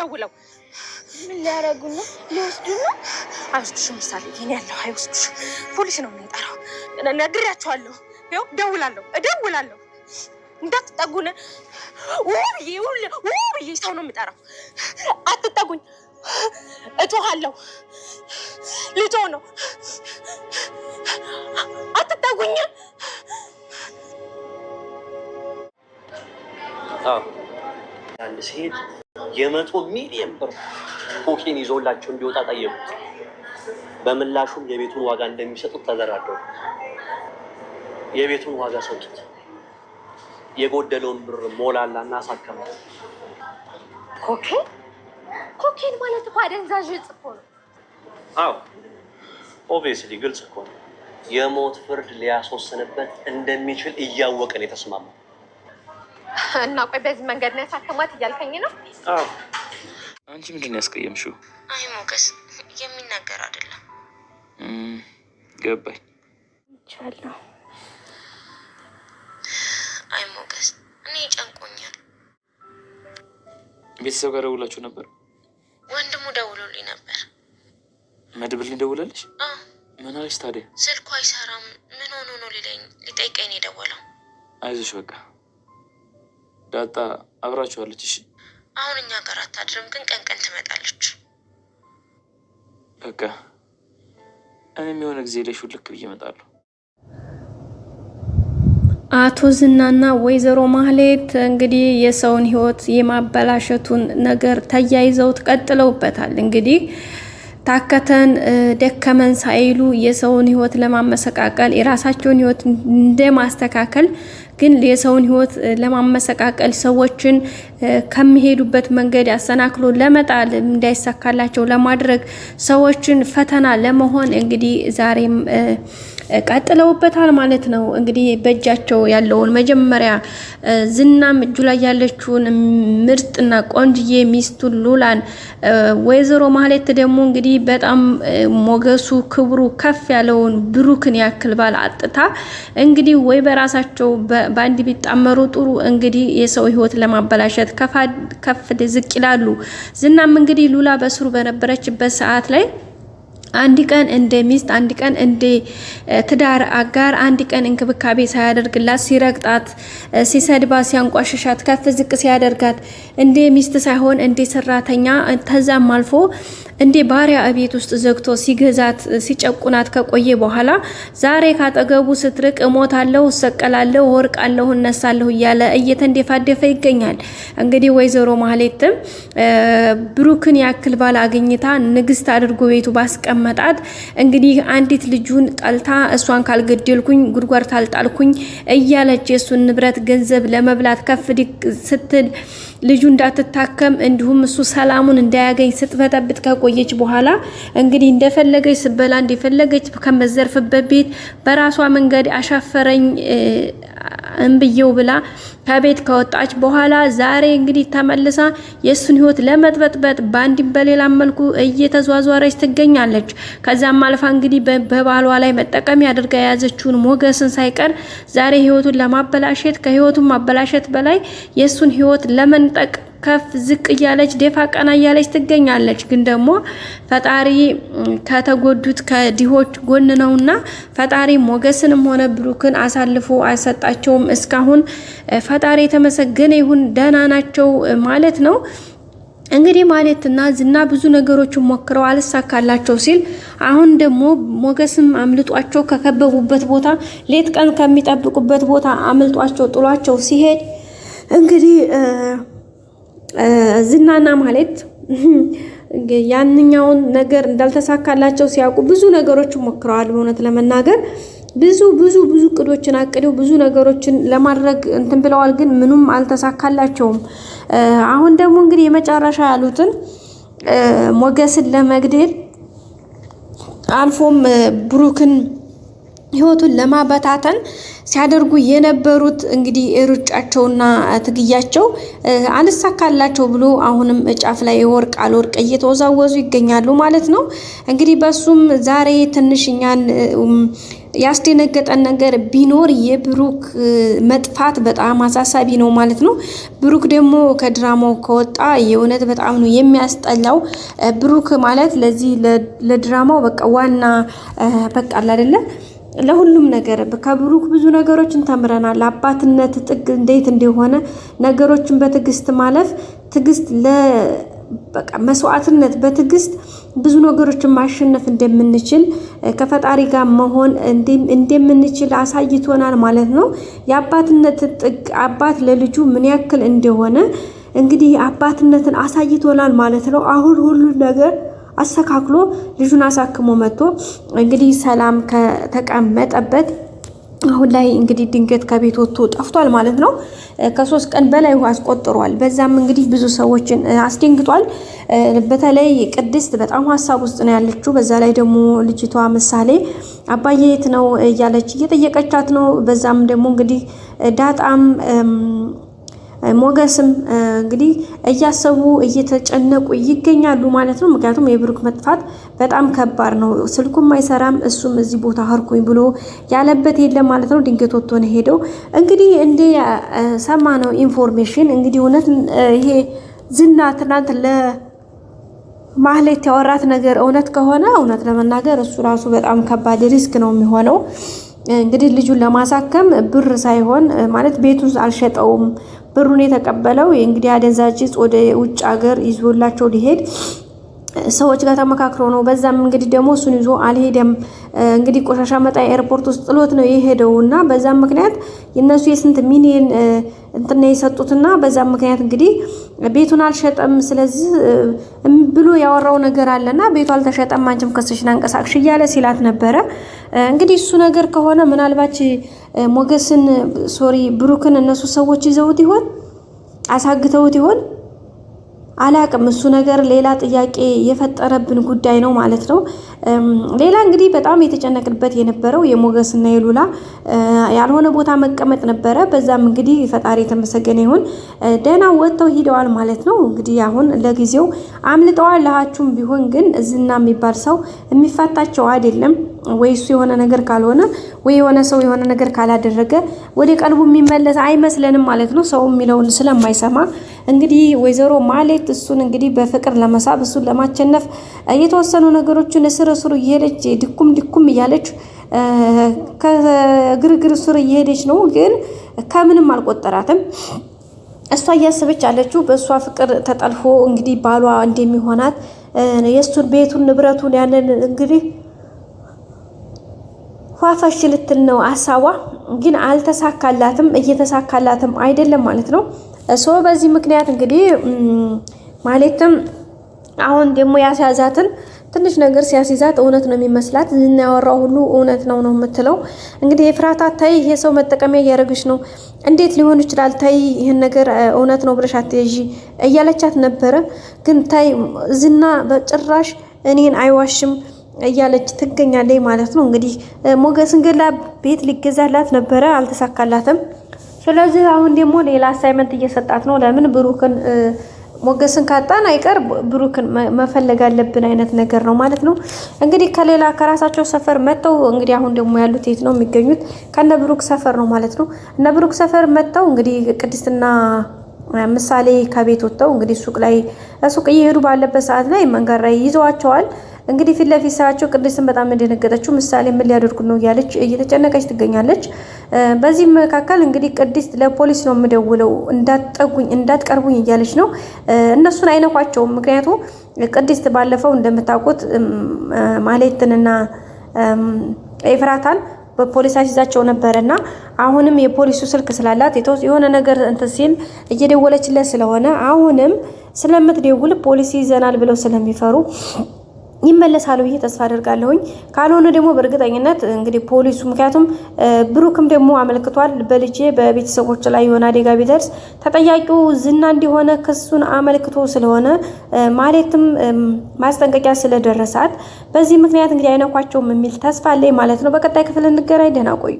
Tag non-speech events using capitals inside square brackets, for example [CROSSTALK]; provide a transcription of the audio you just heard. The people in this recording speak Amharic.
ደውለው ምን ሊያደርጉ ነው? ሊወስዱ ነው? አይወስዱሽም። ምሳሌ ይህን ያለው አይወስዱሽም። ፖሊስ ነው የምንጠራው። ነግሬያቸዋለሁ። ይኸው እደውላለሁ፣ እደውላለሁ። እንዳትጠጉን ውብዬ፣ ውብዬ ሰው ነው የምጠራው። አትጠጉኝ፣ እጮሃለሁ። ልጆ ነው። አትጠጉኝ። አንድ ሴት የመቶ ሚሊዮን ብር ኮኬን ይዞላቸው እንዲወጣ ጠየቁት። በምላሹም የቤቱን ዋጋ እንደሚሰጡት ተደራደሩ። የቤቱን ዋጋ ሰጡት። የጎደለውን ብር ሞላላ እና አሳከማት። ኮኬን ኮኬን ማለት እኮ አደንዛዥ እጽ እኮ ነው። አዎ ኦብቪየስሊ ግልጽ እኮ ነው። የሞት ፍርድ ሊያስወስንበት እንደሚችል እያወቀን የተስማማ እና ቆይ በዚህ መንገድ ነው ያሳከሟት እያልከኝ ነው? አዎ። አንቺ ምንድን ያስቀየምሽው? አይ ሞገስ፣ የሚናገር አይደለም። ገባኝ። ይቻለሁ። አይ ሞገስ፣ እኔ ጨንቆኛል። ቤተሰብ ጋር ደውላችሁ ነበር? ወንድሙ ደውሎልኝ ነበር። መድብል ደውላለች? ምን አለች ታዲያ? ስልኩ አይሰራም ምን ሆኖ ነው ሊጠይቀኝ የደወለው። አይዞሽ በቃ ዳጣ አብራችኋለች። እሺ አሁን እኛ ጋር አታድርም፣ ግን ቀን ቀን ትመጣለች። በቃ እኔም የሆነ ጊዜ ላይ ልክ ብዬ እመጣለሁ። አቶ ዝናና ወይዘሮ ማህሌት እንግዲህ የሰውን ህይወት የማበላሸቱን ነገር ተያይዘው ቀጥለውበታል እንግዲህ ታከተን ደከመን ሳይሉ የሰውን ህይወት ለማመሰቃቀል የራሳቸውን ህይወት እንደማስተካከል ግን የሰውን ህይወት ለማመሰቃቀል ሰዎችን ከሚሄዱበት መንገድ አሰናክሎ ለመጣል እንዳይሳካላቸው ለማድረግ ሰዎችን ፈተና ለመሆን እንግዲህ ዛሬም ቀጥለውበታል ማለት ነው። እንግዲህ በእጃቸው ያለውን መጀመሪያ ዝናም እጁ ላይ ያለችውን ምርጥና ቆንጅዬ ሚስቱን ሉላን፣ ወይዘሮ ማህሌት ደግሞ እንግዲህ በጣም ሞገሱ ክብሩ ከፍ ያለውን ብሩክን ያክል ባል አጥታ እንግዲህ ወይ በራሳቸው በአንድ ቢጣመሩ ጥሩ እንግዲህ የሰው ህይወት ለማበላሸት ከፍ ዝቅ ይላሉ። ዝናም እንግዲህ ሉላ በስሩ በነበረችበት ሰዓት ላይ አንድ ቀን እንደ ሚስት አንድ ቀን እንደ ትዳር አጋር አንድ ቀን እንክብካቤ ሳያደርግላት ሲረግጣት፣ ሲሰድባት፣ ሲያንቋሽሻት፣ ከፍ ዝቅ ሲያደርጋት እንደ ሚስት ሳይሆን እንደ ሰራተኛ ተዛም አልፎ እንዴ ባሪያ እቤት ውስጥ ዘግቶ ሲገዛት፣ ሲጨቁናት ከቆየ በኋላ ዛሬ ካጠገቡ ስትርቅ እሞታለሁ፣ እሰቀላለሁ፣ ወርቃለሁ፣ እነሳለሁ እያለ እየተንደፋደፈ ይገኛል። እንግዲህ ወይዘሮ ማህሌትም ብሩክን ያክል ባል አግኝታ ንግስት አድርጎ ቤቱ ባስቀመ አስቀመጣት። እንግዲህ አንዲት ልጁን ጠልታ እሷን ካልገደልኩኝ ጉድጓድ ካልጣልኩኝ እያለች የእሱን ንብረት ገንዘብ ለመብላት ከፍ ስትል ልጁ እንዳትታከም እንዲሁም እሱ ሰላሙን እንዳያገኝ ስትበጠብጥ ከቆየች በኋላ እንግዲህ እንደፈለገች ስበላ እንደፈለገች ከመዘርፍበት ቤት በራሷ መንገድ አሻፈረኝ እንብየው ብላ ከቤት ከወጣች በኋላ ዛሬ እንግዲህ ተመልሳ የእሱን ህይወት ለመጥበጥበጥ በአንድም በሌላ መልኩ እየተዟዟረች ትገኛለች። ከዛም አልፋ እንግዲህ በባሏ ላይ መጠቀሚያ አድርጋ የያዘችውን ሞገስን ሳይቀር ዛሬ ህይወቱን ለማበላሸት ከህይወቱን ማበላሸት በላይ የእሱን ህይወት ለመን መንጠቅ ከፍ ዝቅ እያለች ደፋ ቀና እያለች ትገኛለች። ግን ደግሞ ፈጣሪ ከተጎዱት ከድሆች ጎን ነውና ፈጣሪ ሞገስንም ሆነ ብሩክን አሳልፎ አልሰጣቸውም። እስካሁን ፈጣሪ የተመሰገነ ይሁን፣ ደህና ናቸው ማለት ነው። እንግዲህ ማህሌትና ዝና ብዙ ነገሮችን ሞክረው አልሳካላቸው ሲል አሁን ደግሞ ሞገስም አምልጧቸው ከከበቡበት ቦታ ሌት ቀን ከሚጠብቁበት ቦታ አምልጧቸው ጥሏቸው ሲሄድ እንግዲህ ዝናና ማለት [LAUGHS] ያንኛውን ነገር እንዳልተሳካላቸው ሲያውቁ ብዙ ነገሮች ሞክረዋል። በእውነት ለመናገር ብዙ ብዙ ብዙ እቅዶችን አቅደው ብዙ ነገሮችን ለማድረግ እንትን ብለዋል፣ ግን ምኑም አልተሳካላቸውም። አሁን ደግሞ እንግዲህ የመጨረሻ ያሉትን ሞገስን ለመግደል አልፎም ብሩክን ህይወቱን ለማበታተን ሲያደርጉ የነበሩት እንግዲህ ሩጫቸውና ትግያቸው አልሳካላቸው ብሎ አሁንም ጫፍ ላይ የወርቅ አልወርቅ እየተወዛወዙ ይገኛሉ ማለት ነው። እንግዲህ በሱም ዛሬ ትንሽ እኛን ያስደነገጠን ነገር ቢኖር የብሩክ መጥፋት በጣም አሳሳቢ ነው ማለት ነው። ብሩክ ደግሞ ከድራማው ከወጣ የእውነት በጣም ነው የሚያስጠላው። ብሩክ ማለት ለዚህ ለድራማው በቃ ዋና በቃ አይደለም ለሁሉም ነገር ከብሩክ ብዙ ነገሮችን ተምረናል። አባትነት ጥግ እንዴት እንደሆነ ነገሮችን በትዕግስት ማለፍ ትዕግስት ለ በቃ መስዋዕትነት በትዕግስት ብዙ ነገሮችን ማሸነፍ እንደምንችል ከፈጣሪ ጋር መሆን እንደምንችል አሳይቶናል ማለት ነው። የአባትነት ጥግ አባት ለልጁ ምን ያክል እንደሆነ እንግዲህ አባትነትን አሳይቶናል ማለት ነው። አሁን ሁሉ ነገር አስተካክሎ ልጁን አሳክሞ መጥቶ እንግዲህ ሰላም ከተቀመጠበት አሁን ላይ እንግዲህ ድንገት ከቤት ወጥቶ ጠፍቷል ማለት ነው። ከሶስት ቀን በላይ አስቆጥሯል። በዛም እንግዲህ ብዙ ሰዎችን አስደንግጧል። በተለይ ቅድስት በጣም ሀሳብ ውስጥ ነው ያለችው። በዛ ላይ ደግሞ ልጅቷ ምሳሌ አባዬ የት ነው እያለች እየጠየቀቻት ነው። በዛም ደግሞ እንግዲህ ዳጣም ሞገስም እንግዲህ እያሰቡ እየተጨነቁ ይገኛሉ ማለት ነው። ምክንያቱም የብሩክ መጥፋት በጣም ከባድ ነው። ስልኩም አይሰራም፣ እሱም እዚህ ቦታ ሀርኩኝ ብሎ ያለበት የለም ማለት ነው። ድንገት ወጥቶ ነው ሄደው እንግዲህ እንደ ነው ኢንፎርሜሽን እንግዲህ እውነት ይሄ ዝና ትናንት ለማህሌት ያወራት ነገር እውነት ከሆነ እውነት ለመናገር እሱ ራሱ በጣም ከባድ ሪስክ ነው የሚሆነው። እንግዲህ ልጁን ለማሳከም ብር ሳይሆን ማለት ቤቱ አልሸጠውም ብሩን የተቀበለው እንግዲህ አደንዛዥ እጽ ወደ ውጭ ሀገር ይዞላቸው ሊሄድ ሰዎች ጋር ተመካክሮ ነው። በዛም እንግዲህ ደግሞ እሱን ይዞ አልሄደም። እንግዲህ ቆሻሻ መጣ ኤርፖርት ውስጥ ጥሎት ነው የሄደው እና በዛም ምክንያት የነሱ የስንት ሚሊዮን እንትን የሰጡትና በዛም ምክንያት እንግዲህ ቤቱን አልሸጠም። ስለዚህ ብሎ ያወራው ነገር አለና ቤቱ አልተሸጠም፣ አንቺም ከስሽን አንቀሳቅሽ እያለ ሲላት ነበረ። እንግዲህ እሱ ነገር ከሆነ ምናልባች ሞገስን ሶሪ ብሩክን እነሱ ሰዎች ይዘውት ይሆን አሳግተውት ይሆን አላቅም እሱ ነገር ሌላ ጥያቄ የፈጠረብን ጉዳይ ነው ማለት ነው። ሌላ እንግዲህ በጣም የተጨነቅንበት የነበረው የሞገስና የሉላ ያልሆነ ቦታ መቀመጥ ነበረ። በዛም እንግዲህ ፈጣሪ የተመሰገነ ይሁን ደህና ወጥተው ሂደዋል ማለት ነው። እንግዲህ አሁን ለጊዜው አምልጠዋል። ለሀቹም ቢሆን ግን ዝና የሚባል ሰው የሚፋታቸው አይደለም። ወይ እሱ የሆነ ነገር ካልሆነ ወይ የሆነ ሰው የሆነ ነገር ካላደረገ ወደ ቀልቡ የሚመለስ አይመስለንም ማለት ነው። ሰው የሚለውን ስለማይሰማ እንግዲህ ወይዘሮ ማሌት እሱን እንግዲህ በፍቅር ለመሳብ እሱን ለማቸነፍ የተወሰኑ ነገሮችን እስር እስሩ እየሄደች ድኩም ድኩም እያለች ከግርግር ስር እየሄደች ነው። ግን ከምንም አልቆጠራትም። እሷ እያሰበች ያለችው በእሷ ፍቅር ተጠልፎ እንግዲህ ባሏ እንደሚሆናት የእሱን ቤቱን ንብረቱን ያንን እንግዲህ ኳፈሽ ልትል ነው ሀሳቧ፣ ግን አልተሳካላትም፣ እየተሳካላትም አይደለም ማለት ነው። ሶ በዚህ ምክንያት እንግዲህ ማለትም አሁን ደግሞ ያስያዛትን ትንሽ ነገር ሲያስይዛት እውነት ነው የሚመስላት። ዝና ያወራው ሁሉ እውነት ነው ነው የምትለው። እንግዲህ የፍራታ ታይ ይሄ ሰው መጠቀሚያ እያደረግሽ ነው፣ እንዴት ሊሆን ይችላል? ታይ ይህን ነገር እውነት ነው ብለሽ አትያዢ እያለቻት ነበረ። ግን ታይ ዝና በጭራሽ እኔን አይዋሽም እያለች ትገኛለች ማለት ነው። እንግዲህ ሞገስን ገላ ቤት ሊገዛላት ነበረ፣ አልተሳካላትም። ስለዚህ አሁን ደግሞ ሌላ አሳይመንት እየሰጣት ነው። ለምን ብሩክን ሞገስን ካጣን አይቀር ብሩክን መፈለግ አለብን አይነት ነገር ነው ማለት ነው። እንግዲህ ከሌላ ከራሳቸው ሰፈር መጥተው እንግዲህ አሁን ደግሞ ያሉት የት ነው የሚገኙት? ከነ ብሩክ ሰፈር ነው ማለት ነው። እነ ብሩክ ሰፈር መጥተው እንግዲህ ቅድስትና ምሳሌ ከቤት ወጥተው እንግዲህ ሱቅ ላይ ሱቅ እየሄዱ ባለበት ሰዓት ላይ መንገድ ላይ ይዘዋቸዋል። እንግዲህ ፊት ለፊት ሳያቸው ቅድስትን በጣም እንደነገጠችው ምሳሌ ምን ሊያደርጉ ነው እያለች እየተጨነቀች ትገኛለች። በዚህ መካከል እንግዲህ ቅድስት ለፖሊስ ነው የምደውለው እንዳትጠጉኝ፣ እንዳትቀርቡኝ እያለች ነው። እነሱን አይነኳቸውም። ምክንያቱ ቅድስት ባለፈው እንደምታውቁት ማሌትንና ኤፍራታን በፖሊስ ነበረ ነበረና አሁንም የፖሊሱ ስልክ ስላላት የሆነ ነገር እንትን ሲል እየደወለችለት ስለሆነ አሁንም ስለምትደውል ፖሊስ ይዘናል ብለው ስለሚፈሩ ይመለሳሉ ብዬ ተስፋ አደርጋለሁኝ። ካልሆነ ደግሞ በእርግጠኝነት እንግዲህ ፖሊሱ ምክንያቱም ብሩክም ደግሞ አመልክቷል። በልጄ በቤተሰቦች ላይ የሆነ አደጋ ቢደርስ ተጠያቂው ዝና እንዲሆነ ክሱን አመልክቶ ስለሆነ ማለትም ማስጠንቀቂያ ስለደረሳት በዚህ ምክንያት እንግዲህ አይነኳቸውም የሚል ተስፋ አለኝ ማለት ነው። በቀጣይ ክፍል እንገናኝ። ደህና ቆዩ።